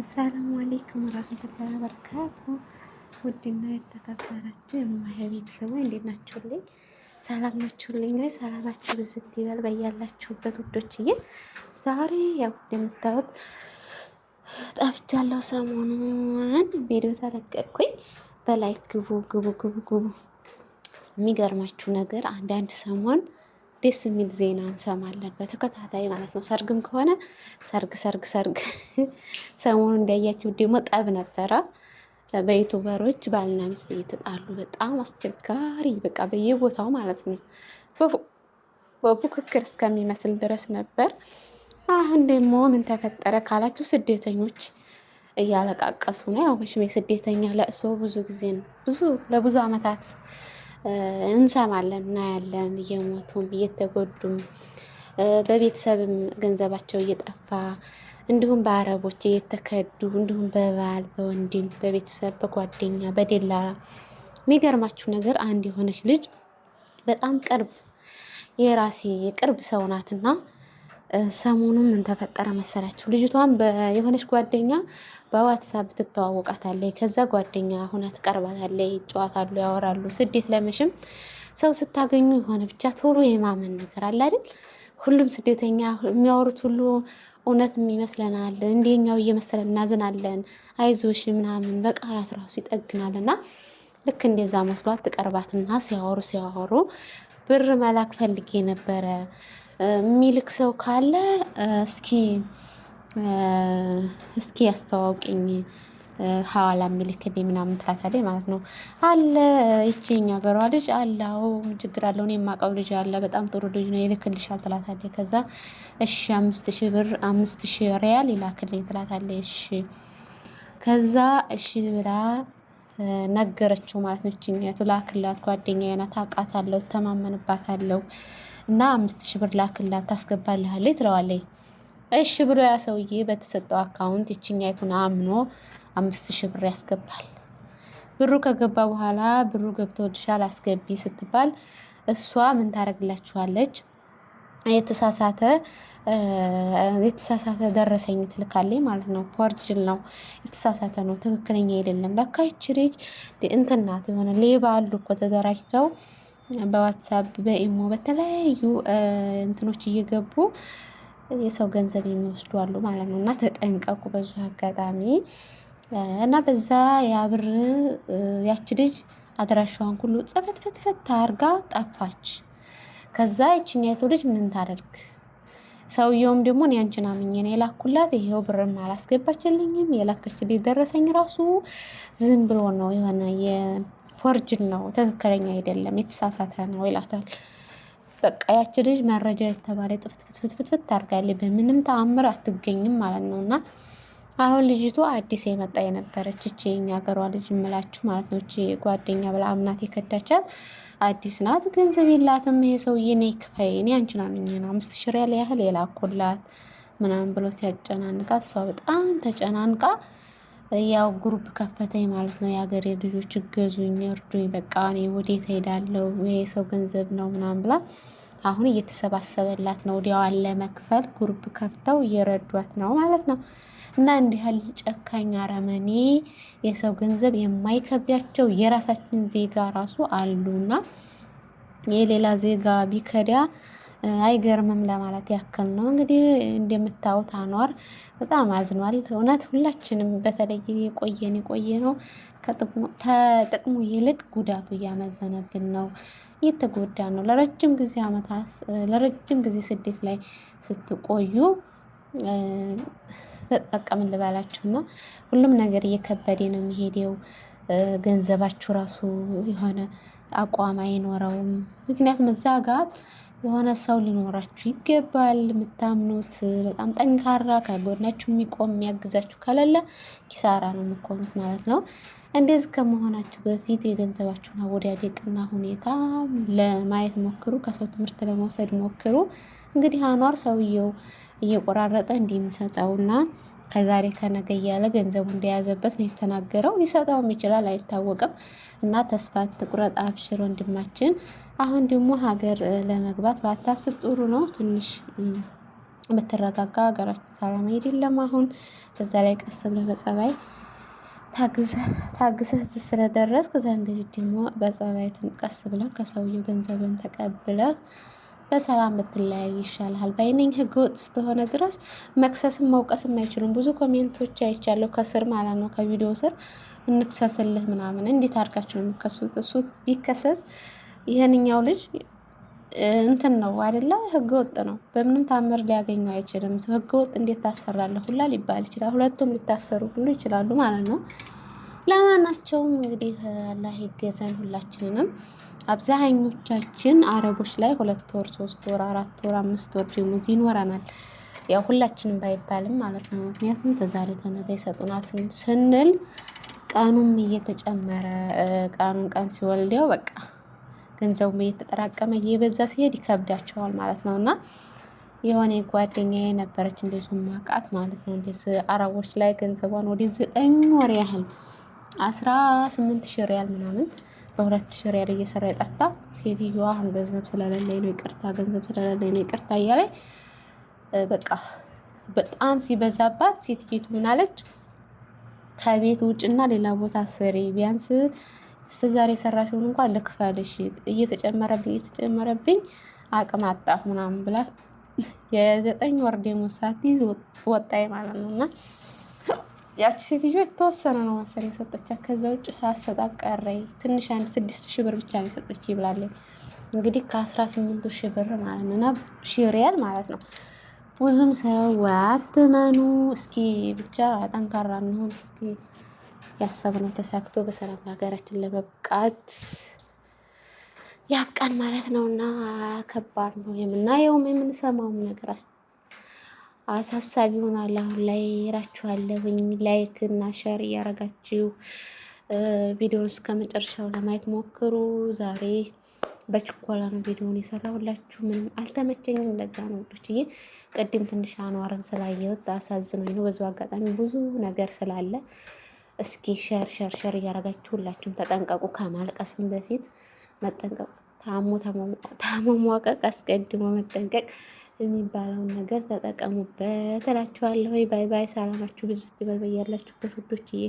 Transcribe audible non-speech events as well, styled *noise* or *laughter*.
አሰላሙ አሌይኩም ወራህመቱላሂ ወበረካቱ። ውድና የተከበራችሁ የማህያ ቤተሰቦች እንዴት ናችሁልኝ? ሰላም ናችሁልኝ ወይ? ሰላማችሁ ብዝት ይበል በያላችሁበት ውዶችዬ። ዛሬ ያው እንደምታዩት ጠፍቻለሁ። ሰሞኑን ቪዲዮ ተለቀቅኩኝ። በላይክ ግቡ ግቡ ግቡ ግቡ። የሚገርማችሁ ነገር አንዳንድ ሰሞን ደስ የሚል ዜና እንሰማለን በተከታታይ ማለት ነው። ሰርግም ከሆነ ሰርግ ሰርግ ሰርግ። *laughs* ሰሞኑ እንዳያችሁ ደግሞ ጠብ ነበረ በዩቱበሮች ባልና ሚስት እየተጣሉ በጣም አስቸጋሪ በቃ በየቦታው ማለት ነው። በፉክክር እስከሚመስል ድረስ ነበር። አሁን ደግሞ ምን ተፈጠረ ካላችሁ ስደተኞች እያለቃቀሱ ነው። ያው መቼም የስደተኛ ለእሶ ብዙ ጊዜ ነው ብዙ ለብዙ አመታት እንሰማለን፣ እናያለን። እየሞቱም እየተጎዱም በቤተሰብም ገንዘባቸው እየጠፋ እንዲሁም በአረቦች እየተከዱ እንዲሁም በባል በወንድም በቤተሰብ በጓደኛ በደላላ። የሚገርማችሁ ነገር አንድ የሆነች ልጅ በጣም ቅርብ የራሴ የቅርብ ሰው ናትና ሰሞኑን ምን ተፈጠረ መሰላችሁ? ልጅቷን የሆነች ጓደኛ በዋትሳፕ ትተዋወቃታለች። ከዛ ጓደኛ ሁና ትቀርባታለች፣ ይጨዋታሉ፣ ያወራሉ። ስደት ለመሽም ሰው ስታገኙ የሆነ ብቻ ቶሎ የማመን ነገር አለ አይደል? ሁሉም ስደተኛ የሚያወሩት ሁሉ እውነት ይመስለናል። እንደኛው እየመሰለን እናዝናለን። አይዞሽ ምናምን በቃላት ራሱ ይጠግናል። ይጠግናልና ልክ እንደዛ መስሏት ትቀርባትና ሲያወሩ ሲያወሩ ብር መላክ ፈልጌ ነበረ የሚልክ ሰው ካለ እስኪ እስኪ ያስተዋውቅኝ ሀዋላ የሚልክልኝ ምናምን ትላታለች ማለት ነው። አለ ይቺኛ ገሯ ልጅ አለ አዎ ምን ችግር አለው? እኔ የማውቀው ልጅ አለ በጣም ጥሩ ልጅ ነው ይልክልሻል ትላታለች። ከዛ እሺ አምስት ሺህ ብር አምስት ሺህ ሪያል ይላክልኝ ትላታለች። እሺ ከዛ እሺ ብላ ነገረችው ማለት ነው። እችኛቱ ላክላት ጓደኛ ናት አውቃታለሁ፣ ተማመንባታለሁ እና አምስት ሺህ ብር ላክላት ታስገባልሃለች ትለዋለች። እሺ ብሎ ያ ሰውዬ በተሰጠው አካውንት እችኛቱን አምኖ አምስት ሺህ ብር ያስገባል። ብሩ ከገባ በኋላ ብሩ ወድሻል አስገቢ ስትባል እሷ ምን ታደርግላችኋለች የተሳሳተ የተሳሳተ ደረሰኝ ትልካለኝ ማለት ነው። ፎርጅል ነው የተሳሳተ ነው ትክክለኛ አይደለም። ለካ ይቺ ልጅ የሆነ ሌባ አሉ እኮ ተደራጅተው በዋትሳፕ በኢሞ በተለያዩ እንትኖች እየገቡ የሰው ገንዘብ የሚወስዱ አሉ ማለት ነው። እና ተጠንቀቁ በዙ አጋጣሚ እና በዛ የአብር ያች ልጅ አድራሻዋን ሁሉ ጽፈት ፍትፍት አርጋ ጠፋች። ከዛ ይችኛይቱ ልጅ ምን ታደርግ? ሰውየውም ደግሞ እኔ አንቺን አምኜ ነው የላኩላት። ይሄው ብርም አላስገባችልኝም። የላከችልኝ ደረሰኝ ራሱ ዝም ብሎ ነው የሆነ የፎርጅን ነው ትክክለኛ አይደለም የተሳሳተ ነው ይላታል። በቃ ያች ልጅ መረጃ የተባለ ጥፍትፍትፍትፍት አድርጋለች። በምንም ተአምር አትገኝም ማለት ነው እና አሁን ልጅቱ አዲስ የመጣ የነበረች እቺ የኛ ሀገሯ ልጅ እምላችሁ ማለት ነው እቺ ጓደኛ ብላ አምናት የከዳቻት አዲስ ናት፣ ገንዘብ የላትም። ይሄ ሰውዬ እኔ ክፈይ እኔ አንቺን አምኜ ነው አምስት ሺህ ሪያል ያህል የላኩላት ምናምን ብሎ ሲያጨናንቃት እሷ በጣም ተጨናንቃ ያው ግሩፕ ከፈተኝ ማለት ነው። የሀገሬ ልጆች እገዙኝ፣ እርዱኝ፣ በቃ እኔ ወዴት ሄዳለሁ? ይሄ ሰው ገንዘብ ነው ምናምን ብላ አሁን እየተሰባሰበላት ነው። ወዲያዋን ለመክፈል ግሩፕ ከፍተው እየረዷት ነው ማለት ነው። እና እንዲህ ያለ ጨካኝ አረመኔ የሰው ገንዘብ የማይከብዳቸው የራሳችን ዜጋ ራሱ አሉና የሌላ ዜጋ ቢከዳ አይገርምም ለማለት ያክል ነው። እንግዲህ እንደምታዩት አኗር በጣም አዝኗል። እውነት ሁላችንም በተለይ የቆየን የቆየ ነው። ከጥቅሙ ይልቅ ጉዳቱ እያመዘነብን ነው፣ እየተጎዳ ነው። ለረጅም ጊዜ ዓመታት ለረጅም ጊዜ ስደት ላይ ስትቆዩ በቃ ምን ልበላችሁ እና ሁሉም ነገር እየከበደ ነው የሚሄደው። ገንዘባችሁ ራሱ የሆነ አቋም አይኖረውም። ምክንያቱም እዛ ጋር የሆነ ሰው ሊኖራችሁ ይገባል። የምታምኑት በጣም ጠንካራ ከጎናችሁ የሚቆም የሚያግዛችሁ ከሌለ ኪሳራ ነው የምትሆኑት ማለት ነው። እንደዚህ ከመሆናችሁ በፊት የገንዘባችሁን አወዳደቅና ሁኔታ ለማየት ሞክሩ። ከሰው ትምህርት ለመውሰድ ሞክሩ። እንግዲህ አኗር ሰውየው እየቆራረጠ እንደሚሰጠውና ከዛሬ ከነገ እያለ ገንዘቡ እንደያዘበት ነው የተናገረው። ሊሰጠውም ይችላል አይታወቅም። እና ተስፋ ትቁረጥ፣ አብሽር ወንድማችን። አሁን ደግሞ ሀገር ለመግባት ባታስብ ጥሩ ነው። ትንሽ ብትረጋጋ ሀገራችን ሰላም የለም አሁን። በዛ ላይ ቀስ ብለህ በጸባይ ታግሰህ ስለደረስክ ከዛ እንግዲህ ደግሞ በጸባይ ቀስ ብለህ ከሰውየው ገንዘብን ተቀብለህ በሰላም ብትለያይ ይሻልሃል ባይነኝ። ህገ ወጥ ስትሆነ ድረስ መክሰስም መውቀስም አይችሉም። ብዙ ኮሜንቶች አይቻለሁ ከስር ማለት ነው ከቪዲዮ ስር እንክሰስልህ ምናምን። እንዴት አድርጋችሁ ነው የምከሱት? እሱ ቢከሰስ ይህንኛው ልጅ እንትን ነው አይደለ? ህገ ወጥ ነው። በምንም ታምር ሊያገኘው አይችልም። ህገ ወጥ እንዴት ታሰራለህ ሁላ ሊባል ይችላል። ሁለቱም ሊታሰሩ ሁሉ ይችላሉ ማለት ነው። ለማናቸውም እንግዲህ አላህ ይገዛን ሁላችንንም። አብዛኞቻችን አረቦች ላይ ሁለት ወር፣ ሶስት ወር፣ አራት ወር፣ አምስት ወር ደሞዝ ይኖረናል። ያው ሁላችንም ባይባልም ማለት ነው። ምክንያቱም ተዛሬ ተነገ ይሰጡናል ስንል ቀኑም እየተጨመረ ቀኑን ቀን ሲወልድ ያው በቃ ገንዘቡም እየተጠራቀመ እየበዛ ሲሄድ ይከብዳቸዋል ማለት ነው እና የሆነ ጓደኛ የነበረች እንደዚ ማቃት ማለት ነው እንደዚ አረቦች ላይ ገንዘቧን ወደ ዘጠኝ ወር ያህል አስራ ስምንት ሺህ ሪያል ምናምን በሁለት ሺህ ሪያል እየሰራ የጠጣ ሴትዮዋ አሁን ገንዘብ ስለሌለኝ ነው ይቅርታ፣ ገንዘብ ስለሌለኝ ነው ይቅርታ እያለኝ በቃ በጣም ሲበዛባት ሴትዮቱ ምናለች ከቤት ውጭና ሌላ ቦታ ስሪ፣ ቢያንስ እስከ ዛሬ የሰራሽውን እንኳን ልክፈልሽ፣ እየተጨመረብኝ እየተጨመረብኝ አቅም አጣሁ ምናምን ብላ የዘጠኝ ወር ደሞዝ ሳትይዝ ወጣኝ ማለት ነው እና ያቺ ሴትዮ የተወሰነ ነው መሰለኝ የሰጠቻት። ከዛ ውጭ ሳትሰጣት ቀረይ ትንሽ አንድ ስድስት ሺህ ብር ብቻ ነው የሰጠች ይብላለኝ። እንግዲህ ከአስራ ስምንቱ ሺህ ብር ማለት ነው እና ሺህ ሪያል ማለት ነው። ብዙም ሰው አትመኑ እስኪ፣ ብቻ ጠንካራ እንሆን እስኪ። ያሰብነው ተሳክቶ በሰላም ሀገራችን ለመብቃት ያብቃን ማለት ነው እና ከባድ ነው የምናየውም የምንሰማውም ነገር አስ አሳሳቢ ሆኗል። አሁን ላይ እራችኋለሁኝ። ላይክ እና ሸር እያረጋችሁ ቪዲዮውን እስከ መጨረሻው ለማየት ሞክሩ። ዛሬ በችኮላ ነው ቪዲዮውን የሰራሁላችሁ። ምንም አልተመቸኝም፣ እንደዛ ነው ውዶችዬ። ቅድም ትንሽ አኗርን ስላየሁት አሳዝኖኝ ነው። በዙ አጋጣሚ ብዙ ነገር ስላለ እስኪ ሸር ሸር ሸር እያረጋችሁ ሁላችሁም ተጠንቀቁ። ከማልቀስም በፊት መጠንቀቁ። ታሞ ታሞ ተመሟቀቅ አስቀድሞ መጠንቀቅ የሚባለውን ነገር ተጠቀሙበት እላችኋለሁ። ባይ ባይ። ሰላማችሁ ብዝት ይበል በያላችሁበት ውዶችዬ።